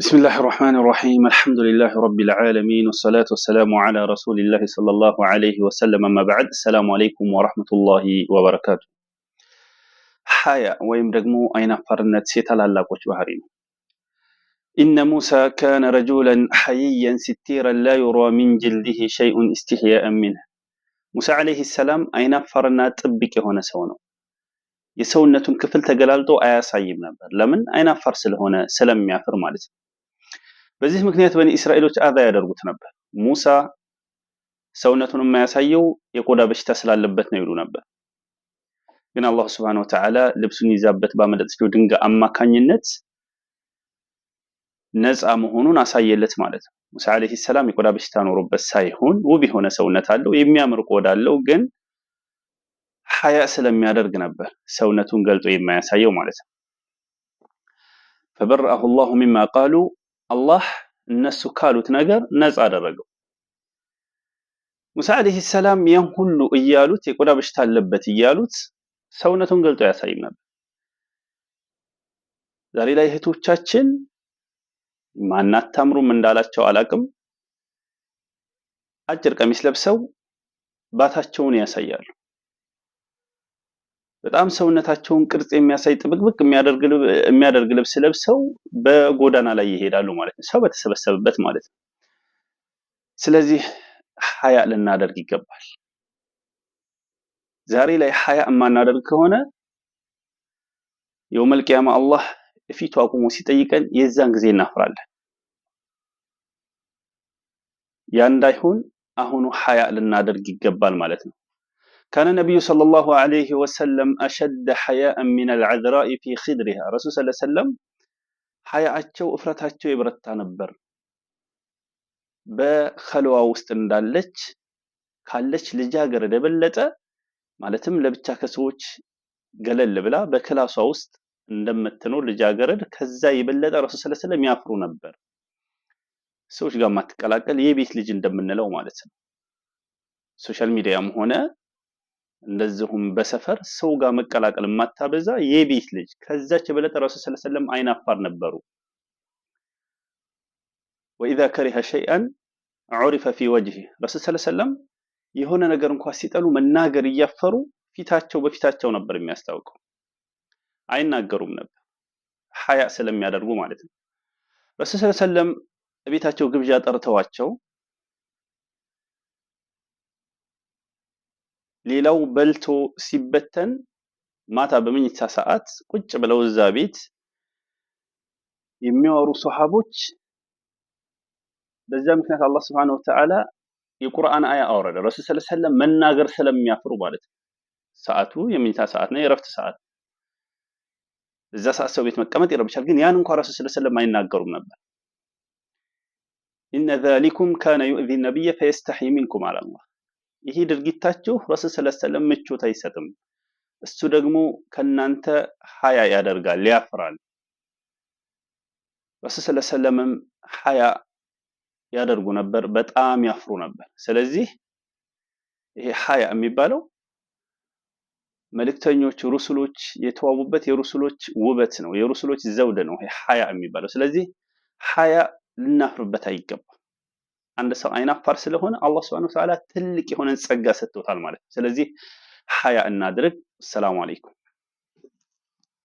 بسم الله الرحمن الرحيم الحمد لله رب العالمين والصلاة والسلام على رسول الله صلى الله عليه وسلم ما بعد السلام عليكم ورحمة الله وبركاته حيا ويم رقمو أين فرنت سيتلا لاقوش بهرين إن موسى كان رجولا حييا ستيرا لا يرى من جلده شيء استحياء منه عليه السلام أين አይናፋርና ጥብቅ هنا سونا ነው። የሰውነቱን ክፍል ተገላልጦ አያሳይም ነበር። ለምን? አይናፋር ስለሆነ ስለሚያፍር ማለት ነው። በዚህ ምክንያት በኒ እስራኤሎች አዛ ያደርጉት ነበር። ሙሳ ሰውነቱን የማያሳየው የቆዳ በሽታ ስላለበት ነው ይሉ ነበር። ግን አላህ ስብሐነሁ ወተዓላ ልብሱን ይዛበት ባመለጠችው ድንጋይ አማካኝነት ነፃ መሆኑን አሳየለት ማለት ነው። ሙሳ አለይሂ ሰላም የቆዳ በሽታ ኖሮበት ሳይሆን ውብ የሆነ ሰውነት አለው፣ የሚያምር ቆዳ አለው። ግን ሐያ ስለሚያደርግ ነበር ሰውነቱን ገልጦ የማያሳየው ማለት ነው። ፈበረአሁ ላሁ ሚማ ቃሉ አላህ እነሱ ካሉት ነገር ነፃ አደረገው። ሙሳ ዓለይሂ ሰላም ያን ሁሉ እያሉት የቆዳ በሽታ አለበት እያሉት ሰውነቱን ገልጦ ያሳይም ነበር። ዛሬ ላይ እህቶቻችን ማናታምሩም እንዳላቸው አላቅም፣ አጭር ቀሚስ ለብሰው ባታቸውን ያሳያሉ። በጣም ሰውነታቸውን ቅርጽ የሚያሳይ ጥብቅብቅ የሚያደርግ ልብስ ለብሰው በጎዳና ላይ ይሄዳሉ ማለት ነው፣ ሰው በተሰበሰበበት ማለት ነው። ስለዚህ ሀያ ልናደርግ ይገባል። ዛሬ ላይ ሀያ የማናደርግ ከሆነ የውመል ቂያማ አላህ ፊቱ አቁሞ ሲጠይቀን የዛን ጊዜ እናፍራለን። ያ እንዳይሆን አሁኑ ሀያ ልናደርግ ይገባል ማለት ነው። ካነ ነቢዩ ሰለላሁ አለይህ ወሰለም አሸደ ሐያእን ሚነል ዐዝራኢ ፊ ኺድሪሃ ረሱል ሰለ ሰለም ሐያአቸው እፍረታቸው የበረታ ነበር። በኸልዋ ውስጥ እንዳለች ካለች ልጃገረድ የበለጠ ማለትም ለብቻ ከሰዎች ገለል ብላ በክላሷ ውስጥ እንደምትኖር ልጃገረድ ከዛ የበለጠ ረሱል ሰለ ሰለም ያፍሩ ነበር። ሰዎች ጋር ማትቀላቀል የቤት ልጅ እንደምንለው ማለት ነው። ሶሻል ሚዲያም ሆነ እንደዚሁም በሰፈር ሰው ጋር መቀላቀል የማታበዛ የቤት ልጅ ከዛች የበለጠ ረሱ ሰለሰለም አይና አፋር አይናፋር ነበሩ። ወኢዛ ከሪሀ ሸይአን ዑሪፈ ፊ ወጅህ ረሱል ሰለሰለም የሆነ ነገር እንኳ ሲጠሉ መናገር እያፈሩ ፊታቸው በፊታቸው ነበር የሚያስታውቀው። አይናገሩም ነበር ሀያ ስለሚያደርጉ ማለት ነው። ረሱል ሰለሰለም ቤታቸው ግብዣ ጠርተዋቸው ሌላው በልቶ ሲበተን ማታ በመኝታ ሰዓት ቁጭ ብለው እዛ ቤት የሚያወሩ ሰሃቦች በዛ ምክንያት አላህ ስብሐነሁ ወተዓላ የቁርአን አያ አወረደ። ረሱል ሰለላሁ ዐለይሂ ወሰለም መናገር ስለሚያፍሩ ማለት ነው። ሰዓቱ የመኝታ ሰዓት ነው፣ የእረፍት ሰዓት። እዛ ሰዓት ሰው ቤት መቀመጥ ይረብሻል። ግን ያን እንኳን ረሱል ሰለላሁ ዐለይሂ ወሰለም አይናገሩም ነበር። ኢነ ዛሊኩም ካነ ዩእዚ ነቢየ ፈየስተሒ ሚንኩም አለ አላህ ይሄ ድርጊታችሁ ረሱል ሰለሰለም ምቾት አይሰጥም። እሱ ደግሞ ከእናንተ ሀያ ያደርጋል፣ ያፍራል። ረሱል ሰለሰለምም ሀያ ያደርጉ ነበር፣ በጣም ያፍሩ ነበር። ስለዚህ ይሄ ሀያ የሚባለው መልእክተኞች ሩስሎች የተዋቡበት የሩስሎች ውበት ነው፣ የሩስሎች ዘውድ ነው። ይሄ ሀያ የሚባለው ስለዚህ ሀያ ልናፍርበት አይገባም። አንድ ሰው አይናፋር ስለሆነ አላህ ሱብሓነሁ ወተዓላ ትልቅ የሆነን ጸጋ ሰጥቶታል ማለት ነው። ስለዚህ ሐያ እናድርግ። ሰላም አለይኩም።